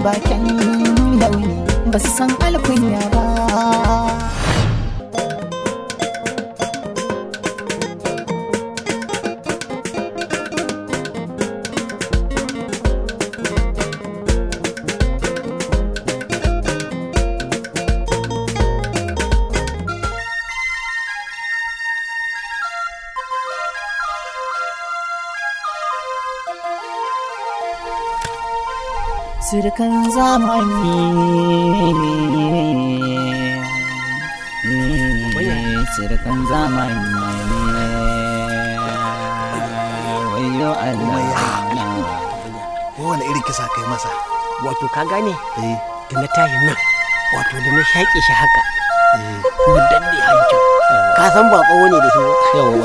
bakin launi ba su san alkunya ba sirkan zamani sirkan zamani wayo Allah wani irin kisa kai masa wato ka gane eh. da na tashi nan wato da na shaƙe shi haka mu eh. danne hancin ka san ba tsawo ne da shi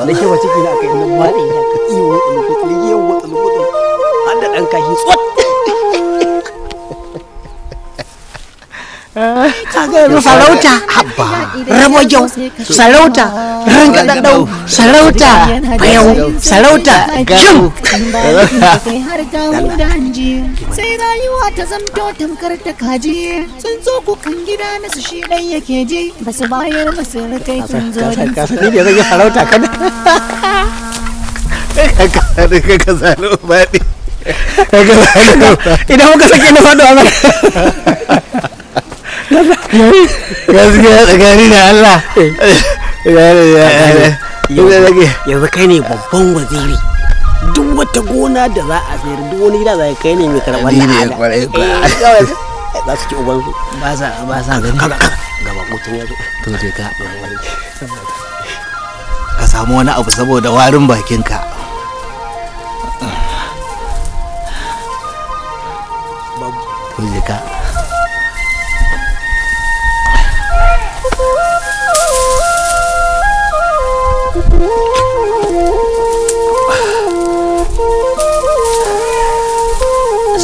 na shi wa ciki na kai nan ma ne ya ka lokacin iyo wutsul lokacin har da ɗan kashi tsot sarauta haba rabajau sarauta rangadadau sarauta bayau Salauta, cin sai rayuwa ta zamto tamkar ta kaji sun zo gida na su shi yake ba su bayar ba su sun zo da zai ka zalo idan muka sake na a gaskiya tsakani da Allah yanzu kai ne babban waziri duk wata gona da za a sayar duk wani gida za kai ne mai karɓar da eh, za su ci uban su ba sa ba sa gaba mutum ya zo to je ka ka samu wani abu saboda warin bakinka ka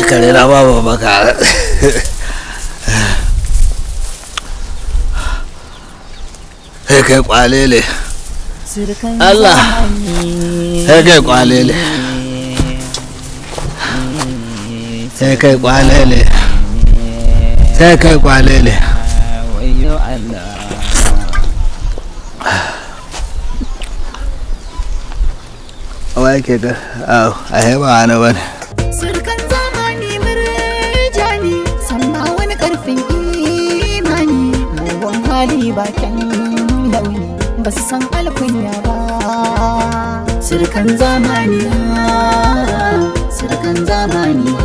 kare na ba baka sai kai kwalele Allah sai kai kwalele sai kai kwalele sai kai kwalele wa yake ga a haiba wani bane yi bakin launi ba su san alkunya ba sirkan zamani sirkan zamaniya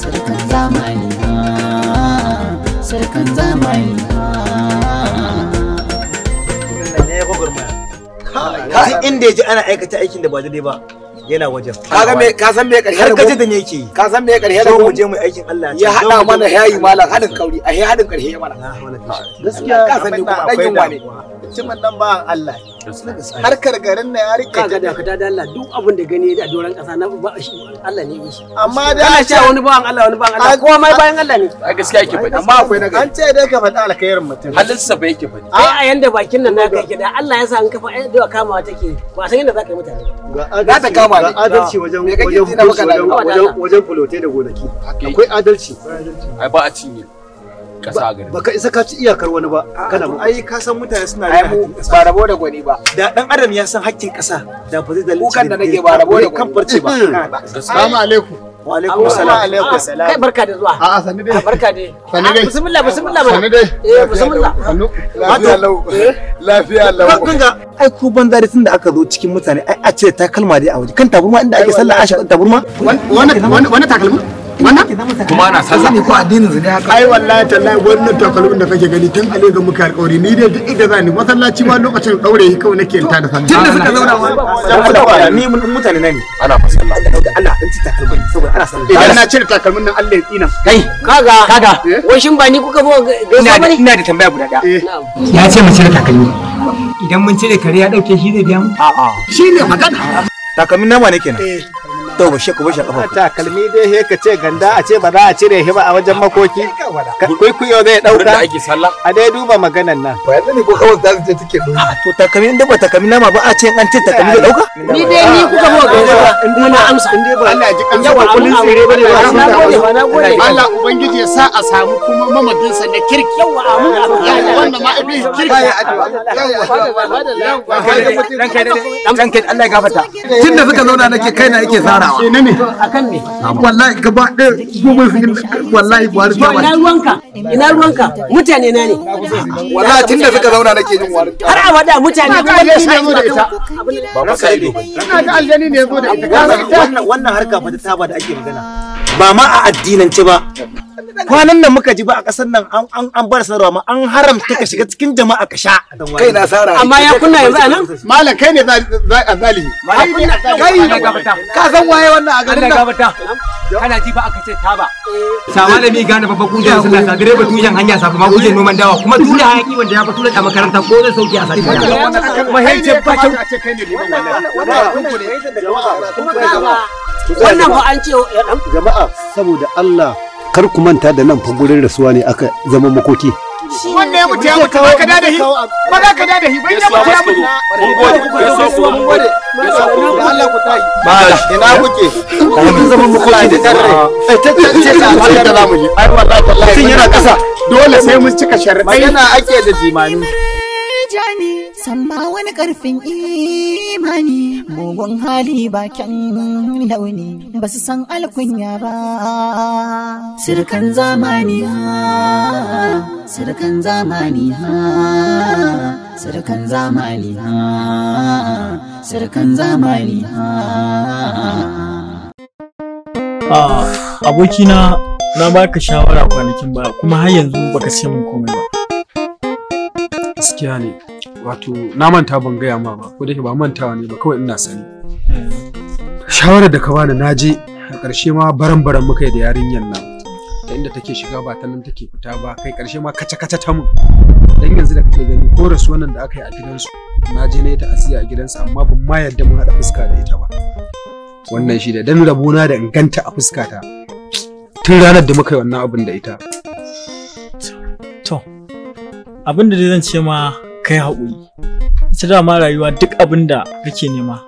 sirkan zamaniya sirkan zamaniya kai inda ya ji ana aikata aikin da ba daidai ba yana wajen ka kaga me ka san me karshe har kaje da ne yake ka san me karshe da mu je mu aikin Allah ya hada mana yayi malam hadin kauri a yayi hadin karshe ya mana gaskiya ka san ne kuma dan yunwa ne cimin dan ba Allah harkar garin na ya rike ta ga da kada da Allah duk abin da gani a doran kasa na ba shi Allah ne shi amma da kana cewa wani bawan Allah wani bawan Allah kowa mai bayan Allah ne a gaskiya yake faɗi amma akwai na an ce dai ka faɗi alkhairin mutum halinsa ba yake faɗi a yanda bakin nan naka yake da Allah ya sa an kafa eh, da kamawa take ba san yadda zaka yi mutane ga ta kama ne adalci wajen wajen wajen fulote da gonaki akwai adalci ai ba a cinye kasa gari baka isa ka ci iyakar wani ba kana mu ai ka san mutane suna da hakkin ba rabo da gwani ba da dan adam ya san kasa da ba zai dalilci kukan da nake ba rabo da kan farce mm. ah, kai barka da zuwa a'a sani dai ah, barka dai sani dai ah, bismillah bismillah sani dai eh bismillah lafiya lau eh? lafiya lau kunga ai ku banza da tunda aka zo cikin mutane ai a ce takalma dai a waje kan taburma inda ake sallah asha wani takalma kuma ana sallah ne ko addinin su ne haka ai wallahi tallahi wannan takalmin da kake gani tun ale ga muka alƙawari ni dai duk inda zani masallaci ma lokacin daure shi kawai nake ta da sallah tun da suka zauna ni mutane ne ana fa sallah in ci takalmin saboda ana sallah idan na cire takalmin nan Allah ya tsina kai kaga kaga eh? wai shin ba ni kuka bo gaisa ina da tambaya guda da eh. ya ce mu cire takalmi idan mun cire kare ya dauke shi zai biya mu a'a shine magana takalmin ne kenan eh. to ba sheku ba shi kafa kalmi dai he ka ce ganda a ce ba za a cire shi ba a wajen makoki kai kuyo zai dauka a dai duba maganan nan ba yanzu ne ko kawai za su je take dole to ta takalmi inda ba ta na ma ba a ce an ce takalmi da dauka ni dai ni kuka ba ga ba inda na amsa inda ba Allah ya ji kan yawa kullun sai ba ne ba Allah ubangiji ya sa a samu kuma mamadin sa da kirki yawa amin wannan ma ibi kirki ya addu'a Allah ya gafarta tunda suka zauna nake kaina yake zara. karawa sai na akan me wallahi gaba ɗaya goma wallahi buhari ta ina ruwanka ina ruwanka mutane na ne wallahi tun da suka zauna nake jin wari har abada mutane kuma da shi ne da ita ba ka sai ina ga aljani ne yazo da ita wannan harka ba ta saba da ake magana ba ma a addinance ba kwanan nan muka ji ba a kasar nan an bar sarwa ma an haramta ka shiga cikin jama'a ka sha kai na sara amma ya kunna yanzu anan malam kai ne zalimi kai ne ka san waye wannan a garin nan kana ji ba aka ce ta ba eh. sa malami gane babban sun sallah sa direba yan hanya safa ma kuje noman dawa kuma duk hayaki wanda ya fa tura da makaranta ko zai sauki a sati mahaice ba kyau ce kai ne liman wannan wannan kun ne da jama'a wannan fa an ce jama'a saboda Allah kar ku manta da nan fa gurin rasuwa ne aka zama makoki wanda ya mutu ya mutu ba ka dada hi ba za ka dada hi ba ya mutu ya mutu mun gode ya so ku mun gode ya so ku Allah ku tayi ba ina kuke kun zama makoki da tare ai ta ta ce ta Allah da zamu ji ai wallahi wallahi yana kasa dole sai mun cika sharri yana ake da jimani jani samma wani karfin imani mugun hali bakin launi ba su san alkunya ba sirkan zamani ha sirkan zamani ha sirkan zamani ha sirkan zamani ha ah, abokina na baka shawara kwanakin ba kuma har yanzu baka ce min komai ba gaskiya ne wato na manta ban gaya ma ba ko da ba mantawa ne ba kawai ina sani shawarar da ka bani na je a ƙarshe ma baran baran muka da yarinyar nan ta inda take shiga ba ta nan take fita ba kai ƙarshe ma kaca kaca ta mun dan yanzu da kake gani ko rasu wannan da aka yi a gidansu na je na yi ta'aziyya a gidansu amma ban ma yadda mun haɗa fuska da ita ba wannan shi da dan rabona da inganta a fuskata tun ranar da muka yi wannan abin da ita abin da zan ce ma kai haƙuri ita dama rayuwa duk abin da kake nema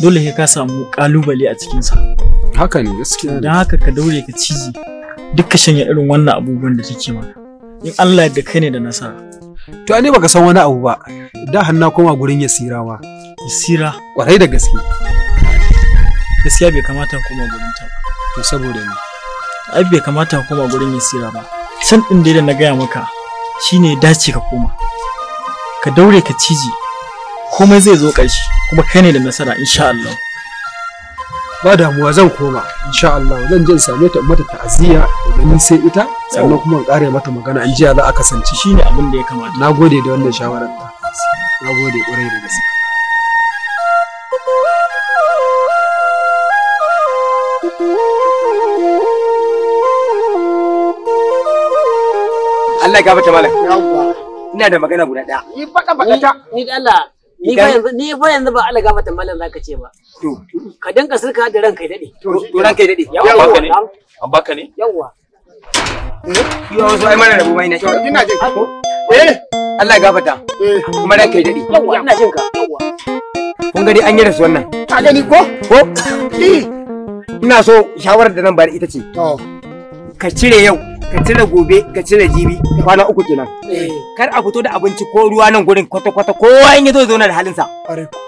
dole ka samu ƙalubale a cikinsa haka ne gaskiya don haka ka daure ka ciji duk ka shanya irin wannan abubuwan da take mana in Allah da kai ne da nasara to ne baka san wani abu ba da hanna kuma gurin ya yasira ma sira? kwarai da gaske gaskiya bai kamata kuma gurin ta to saboda ni ai bai kamata kuma gurin ya sira ba san din da na gaya maka shine ya dace ka koma ka daure ka ciji komai zai zo ƙarshe kuma kai ne da nasara insha Allah ba damuwa zan koma insha Allah zan je in same ta mata ta'aziyya da ni sai ita sannan kuma in ƙare mata magana in jiya za a kasance shine abin da ya kamata nagode da wannan shawarar ta nagode ƙwarai da gaske Allah ya gafarta malam ina da magana guda daya ni baka baka ta ni da Allah ni fa yanzu ni fa yanzu ba Allah gafarta malam zaka ce ba to ka dinka sirka da ranka dade to ranka dade yawa baka ne an baka ne yawa Yo, so ai mana rabu mai na. Ina jin ka. Eh, Allah ya gafarta. Eh. Kuma ranka dade. Yawa, ina jin ka. Yawa. Kun gani an yi da su wannan. Ka gani ko? Ko? Ina so shawarar da nan ba ita ce. To. Ka cire yau ka cire gobe ka cire jibi kwana uku kenan eh, kar a fito da abinci ko ruwa nan gurin kwata kwata kowa in yazo zauna da halin sa.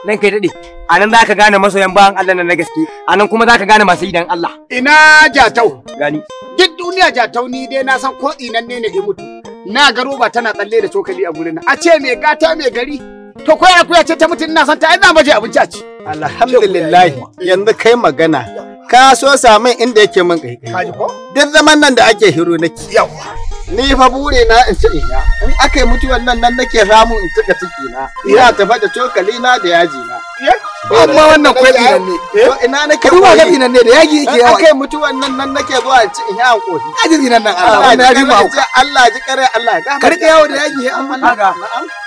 nan kai dade a nan zaka gane masoyan bayan Allah na gaske a nan kuma zaka gane masu idan Allah ina jatau gani duk duniya jatau ni dai na san ko inan ne ne ya mutu na ga roba tana tsalle da cokali a gurin a ce me gata me gari to ko akuya ce ta mutu ina san ta ina baje abinci a ci alhamdulillah yanzu kai magana ka so samun inda yake min kai duk zaman nan da ake hiru nake yawa ni fa bure na in ci ina in aka yi mutuwan nan nan nake samu in cika ciki na ina tafa da cokali na da yaji na amma wannan kwai tsinan ne eh? ina nake ruwa ga Ina ne da yaji yake yawa akai mutu nan nan nake zuwa in ci ina kofi? aji tsinan nan Allah wannan ji ma hauka Allah ji kare Allah ga karka yawo da yaji an ga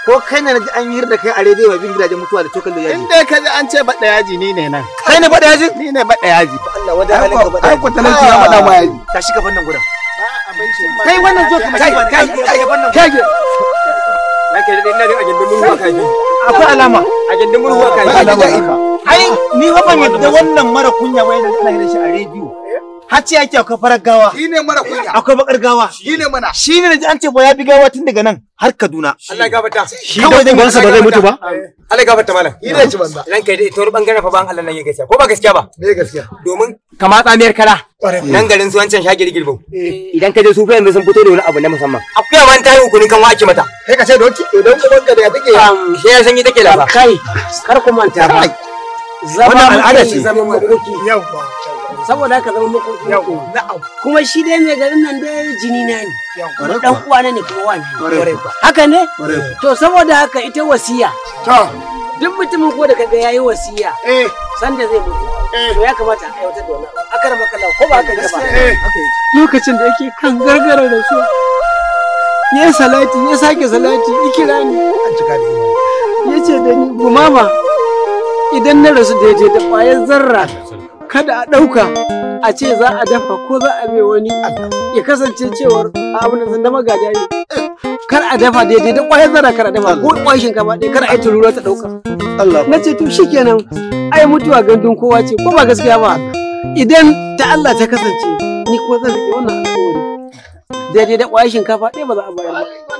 ko kai ne naji an yirda da kai a rediyo bin gidajen mutuwa da cokali da yaji inda ka ji an ce bada yaji ni ne nan kai ne bada yaji ni ne bada yaji Allah wajen halin ka bada yaji ai talauci ya bada ma yaji tashi ka fannin gurin kai wannan zo kai kai kai akwai alama a gindin kai alama ai ni ba ban yadda wannan mara kunya wai da ina shi a rediyo Haci yake akwai farar gawa. Shi ne mana kunya. Akwai bakar gawa. Shi ne mana. Shi ne da an ce ba ya bi gawa tun daga nan har Kaduna. Allah gafarta. Shi da ubansa ba zai mutu ba? Allah gafarta malam. Ni ne ci banza. Ranka dai ita wani bangaren fa ban Allah nan ya gaskiya. Ko ba gaskiya ba? Me gaskiya? Domin kama tsamiyar kara. Nan garin su wancan shagiri girbo. Eh. Idan ka je su yanzu sun fito da wani abu na musamman. Akuya man tayi hukunin kan wake mata. Kai ka ce doki idan eh, kuma ka da ya take. Shi ya sanyi take lafa. Kai kar ku manta ba. zama al'ada ce. Yawa. saboda haka zama makoki na'am kuma shi dai mai garin nan da jini na ne dan uwa ne kuma wani haka ne to saboda haka ita wasiya duk mutumin ko da kaga yayi wasiya eh sanda zai mutu eh. to ya kamata a aiwatar da wannan akar makalla ko ba haka ne ba eh. lokacin da yake kan gargara da su ya salati ya sake salati ikira ni an cika da ya ce da ni gumama idan na rasu daidai da ƙwayar zarra kada a ɗauka a ce za a dafa ko za a mai wani ya kasance cewar abin da zanda magaja ne kar a dafa daidai da ƙwayar zara kar a dafa ko ƙwayar shinkafa ɗaya kar a yi turura ta ɗauka na ce to shikenan ai mutuwa gandun kowa ce ko ba gaskiya ba idan ta Allah ta kasance ni ko zan riƙe wannan alƙawari daidai da ƙwayar shinkafa ɗaya ba za a bayar ba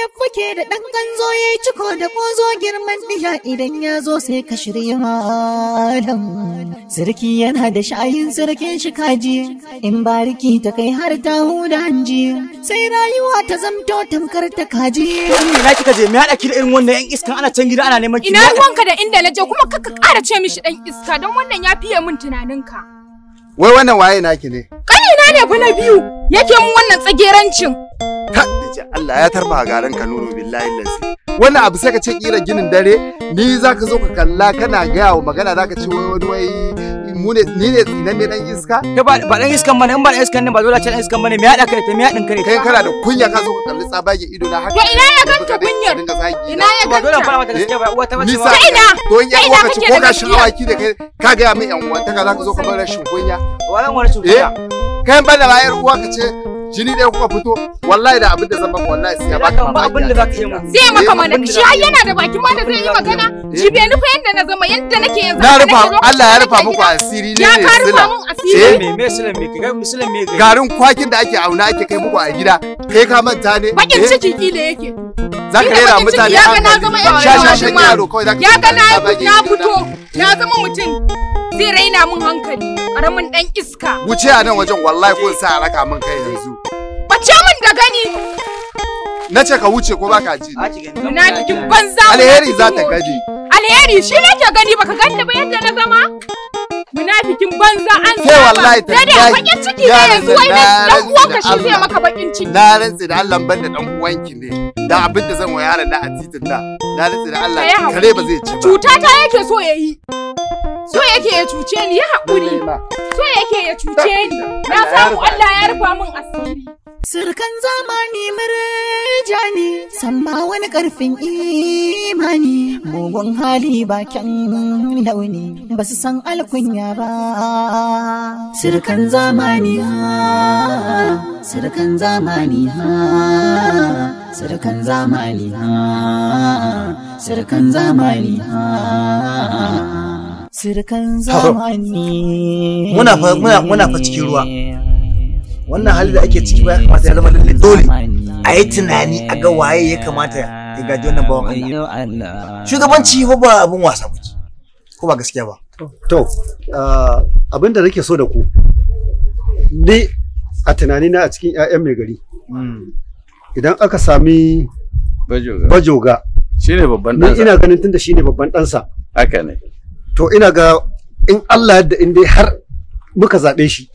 ya fuke da ɗan ganzo ya yi ciko da ƙozo girman diya idan ya zo sai ka shirya malam. Sarki yana da sha'ayin sarkin shi kaji, in bariki ta kai har ta huda hanji, sai rayuwa ta zamto tamkar ta kaji. Wani ina kika je, me haɗa ki da irin wannan ‘yan iskan ana can gida ana neman ki. Ina wanka da inda naje kuma kaka ƙara ce mishi dan iska don wannan ya fiye min tunaninka. Wai wannan waye naki ne? Ƙanina ne fa na biyu, yake mun wannan tsagerancin. ka ce Allah ya tarba garan ka nono billahi lazi wani abu sai ka ce kira ginin dare ni zaka zo ka kalla kana gaya wa magana zaka ce wai wani wai mu ne ni ne tsinan ne dan iska ke ba ba dan iskan bane in ba dan iskan ne ba dole ce dan iskan bane me ya da kai ta me ya din kare kai kana da kunya ka zo ka kalli tsabage ido na haka to ina ya ganta kunyar ina ya ganta ba dole fara mata gaskiya ba uwa ta bace ba ina to in ya uwa ka ci ko ka shi awaki da kai ka ga mai yan uwa ta ka zaka zo ka bar rashin kunya wannan wani cuta eh, kai ban da bayar uwa ka ce jini ɗaya kuka fito wallahi da abin da zan baka wallahi sai ya baka mamaki abin da zaka yi mu sai maka mana shi ai yana da baki ma da zai yi magana eh. jibe ni fa yanda na zama yanda nake yanzu na rufa Allah ya rufa muku asiri ne ne asiri eh me me sila me kai musulun me kai garin kwakin da ake auna ake kai muku a gida kai ka manta ne bakin eh? ciki kila yake za ka rera mutane ya ga na zama yaro kawai za ka ya ga na fito ya zama mutum zai raina mun hankali karamin dan iska. Wuce a nan wajen wallahi ko sa raka min kai yanzu. Bace min da gani. Na ce ka wuce ko baka ji. Na cikin banza. Alheri za ta gani. Alheri shi nake gani baka ganta ba yadda na zama. munafikin banza an Sai wallahi ta dai bakin ciki ne yanzu wai dan ka shi zai maka bakin ciki na rantsi da Allah ban da dan ki ne da abin da zan wayar yaron da a titin da na rantsi da Allah kare ba zai ci ba cuta ta yake so yayi So yake ya cuce ni ya haƙuri. So yake ya cuce ni. Na samu Allah ya rufa min asiri. Surkan zamani murja ne, samma wani ƙarfin imani, mugun hali bakin launi, ba su san alkunya ba. Surkan zamani ha, surkan zamani ha, surkan zamani ha, surkan zamani ha. Sirkan zamani. Muna fa muna muna fa cikin ruwa. Wannan hali da ake ciki ba kamata ya zama lalle dole. A yi tunani a ga waye ya kamata ya gaji wannan bawan Allah. Shugabanci ba ba abun wasa ba ko ba gaskiya ba. To, uh, abin da nake so da ku, ni a tunani na a cikin ƴaƴan mai gari. Hmm. Idan aka sami bajoga, shi babban ɗansa. Ni ina ganin tunda shi ne babban ɗansa. Haka ne. to ina ga in Allah yadda in dai har muka zaɓe shi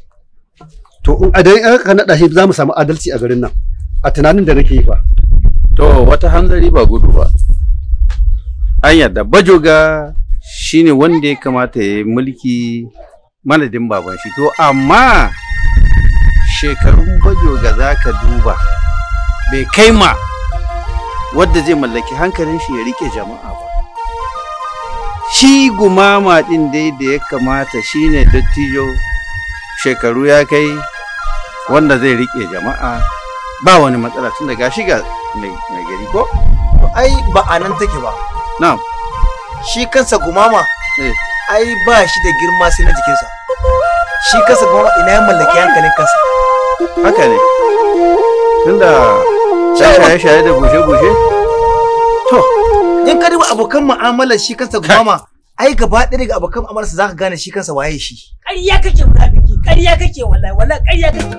to in adan ka naɗa shi za mu samu adalci a garin nan a tunanin da nake yi fa to wata hanzari ba gudu ba an yadda bajoga shine wanda ya kamata ya yi mulki manadin baban shi to amma shekarun bajoga za ka duba bai kai ma wadda zai mallaki hankalin shi ya rike jama'a ba shi gumama ɗin dai da ya kamata shine dattijo shekaru ya kai wanda zai riƙe jama'a ba wani matsala tun daga shiga mai gari ko? ai ba a nan take ba na'am shi kansa gumama eh. ai ba shi da girma sai na jikinsa shi kansa gumama ina ya mallaki hankalin kansa haka ne tunda shaye-shaye da bushe-bushe to in ka duba abokan mu'amalar shi kansa gwama ai gaba ɗaya daga abokan mu'amalarsa zaka gane shi kansa waye shi ƙarya kake munafiki ƙarya kake wallahi wallahi ƙarya kake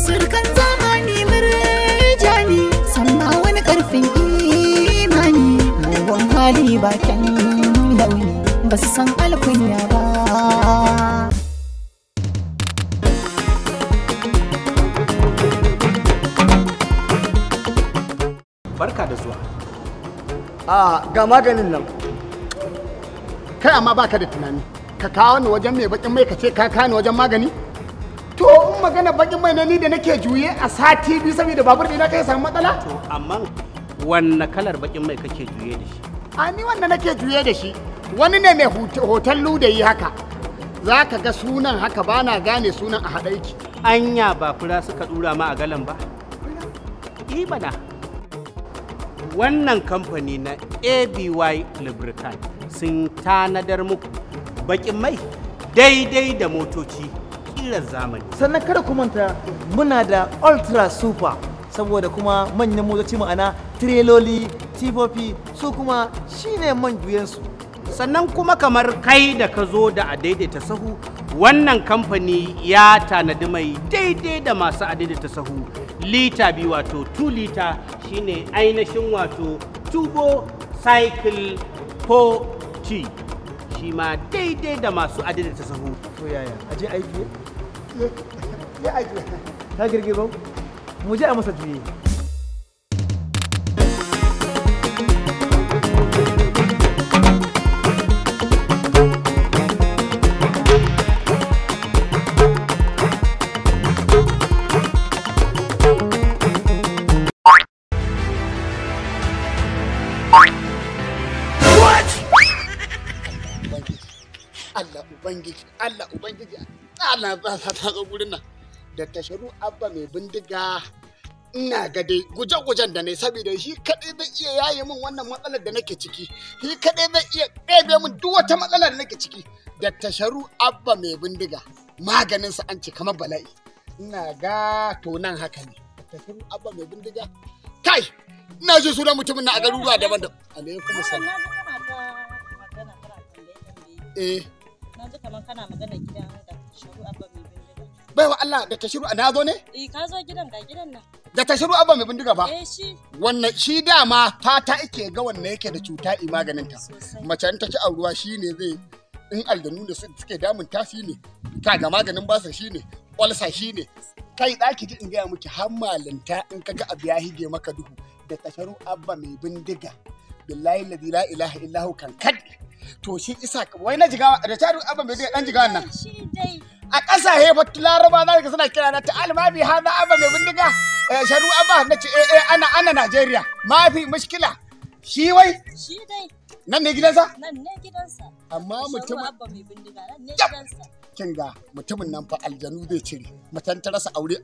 surkan zamani murja ne sanna wani karfin imani mugun hali bakin launi ba su san alkunya ba ga maganin nan kai amma baka da tunani ka kawo ni wajen mai bakin mai ka ce ka kawo ni wajen magani to in magana bakin mai na ni da nake juye a sati biyu saboda babur na kai samu matsala to amma wanne kalar bakin mai kake juye da shi a ni wanda nake juye da shi wani ne mai hotel yi haka za ka ga sunan haka ba na gane sunan a haɗaiki anya ba fura suka dura ma a galan ba eh bana wannan kamfani na aby lubricant sun tanadar muku bakin mai daidai da motoci kilar zamani sannan kada ku manta muna da ultra super saboda kuma manyan motoci ma'ana tireloli tifofi su kuma shine man juyensu sannan kuma kamar kai da ka zo da a daidaita sahu wannan kamfani ya tanadi mai daidai da masu adaidaita sahu lita biyu wato 2 lita shine ainihin wato tubo cycle ko t shi ma daidai da masu ta sahu to yaya aje aiki eh, ya aiki ta girgiro mu je a masa juye ana ta zo gurin nan da tasharu abba mai bindiga ina ga dai guje-gujen da ne saboda shi kaɗai zai iya yaye min wannan matsalar da nake ciki shi kaɗai zai iya ɗebe min duk wata matsalar da nake ciki da tasharu abba mai bindiga maganin sa an ce kamar bala'i ina ga to nan haka ne tasharu abba mai bindiga kai ina ji sunan mutumin na a garuruwa daban-daban alaikum salam eh na ji kamar kana magana gidan da wa Allah da tashiru a nazo ne? Eh ka zo gidan ga gidan nan. Da tashiru abba mai bindiga ba? Eh shi. Wannan shi dama fata ike ga wannan yake da cuta i maganin ta. Mace an ta ci shi ne zai in aldanu da suke damun ta shi ne Ka ga maganin ne shine. Kwalsa ne Kai ɗaki ji in gaya miki har malinta in ka ga abu ya hige maka duhu da tasharu abba mai bindiga. Billahi la ilaha illahu kan kad. To shi isa wai na jigawa da tasharu abba mai bindiga dan jigawan nan. a ƙasashe wata laraba na daga suna na ta almabi ha na aba mai bindiga eh, sharu aba na ce eh, eh ana ana Najeriya mafi mushkila shi wai shi dai nan ne gidansa nan ne gidansa amma mutum abba mai bindiga nan ne gidansa kin ga mutumin nan fa aljanu zai cire mutan ta rasa aure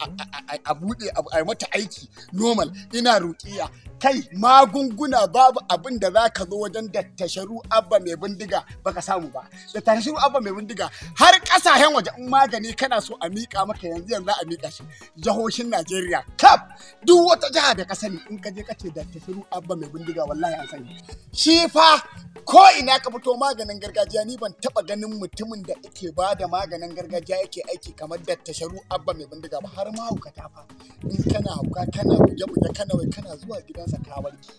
a buɗe a mata aiki normal ina rukiya kai magunguna babu abin da za ka zo wajen da tasharu abba mai bindiga baka samu ba da tasharu abba mai bindiga har kasashen waje in magani kana so a miƙa maka yanzu yanzu a miƙa shi jahohin Najeriya kaf duk wata jiha da ka sani in ka je ka ce da tasharu abba mai bindiga wallahi an sani shi fa ko ina ka fito maganin gargajiya ni ban taba ganin mutumin da yake ba da maganin gargajiya yake aiki kamar da tasharu abba mai bindiga ba har ma hauka ta fa in kana hauka kana buge buge kana wai kana zuwa gidansa ka warki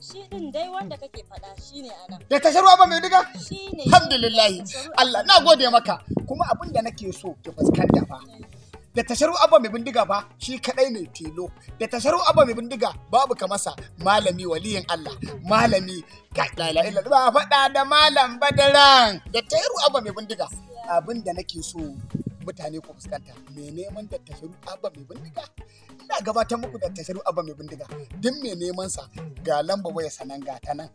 shi din dai wanda kake fada shine anan da tasharu abba mai bindiga shine alhamdulillah Allah na gode maka kuma abin da nake so ki fuskanta fa da tasharu abba mai bindiga ba shi kadai ne tilo da tasharu abba mai bindiga babu masa malami waliyin Allah malami ga la ila ba fada da malam badaran da tasharu abba mai bindiga abin da nake so mutane ku fuskanta me neman da tasharu abba mai bindiga ina gabatar muku da tasharu abba mai bindiga duk me neman sa ga lamba waya sanan ga tana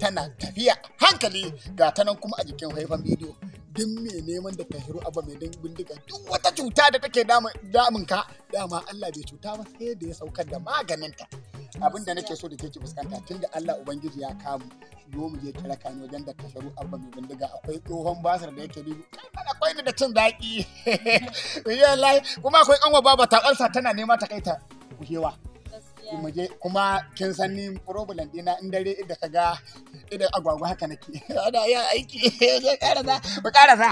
tana tafiya hankali ga tanan kuma a jikin faifan bidiyo duk mai neman da tahiru abu mai bindiga duk wata cuta da take damun ka dama Allah bai cuta ba sai da ya saukar da maganin ta abin da nake so da ke ki fuskanta da Allah ubangiji ya kamu yo mu je kira kano wajen da tahiru abu mai bindiga akwai tsohon basar da yake dubu akwai ni da cin zaki wallahi kuma akwai kanwa baba ta tana nema ta kai ta kuhewa muje kuma kin san ni problem dina in dare da ga idan agwagwa haka nake ana yin aiki ba karasa